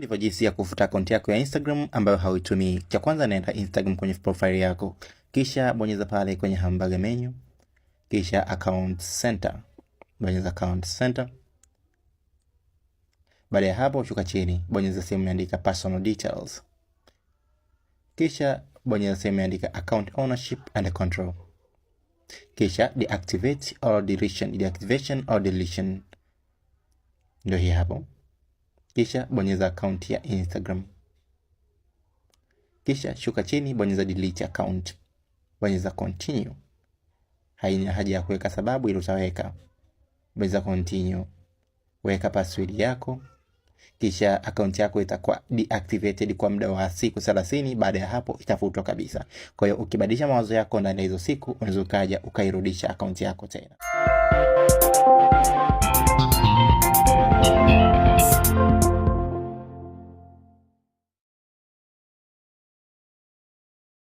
ndivyo jinsi ya kufuta akaunti yako ya Instagram ambayo hauitumii. Cha kwanza, naenda Instagram kwenye profile yako, kisha bonyeza pale kwenye hamburger menu, kisha account center, bonyeza account center. Baada ya hapo, shuka chini, bonyeza sehemu imeandika personal details, kisha bonyeza sehemu imeandika account ownership and control, kisha deactivate or deletion. Deactivation or deletion ndio hii hapo kisha bonyeza akaunti ya Instagram, kisha shuka chini, bonyeza delete account, bonyeza continue. Haina haja ya kuweka sababu, ili utaweka. Bonyeza continue, weka password yako, kisha account yako itakuwa deactivated kwa muda wa siku 30. Baada ya hapo itafutwa kabisa. Kwa hiyo ukibadilisha mawazo yako ndani ya hizo siku, unaweza ukaja ukairudisha account yako tena.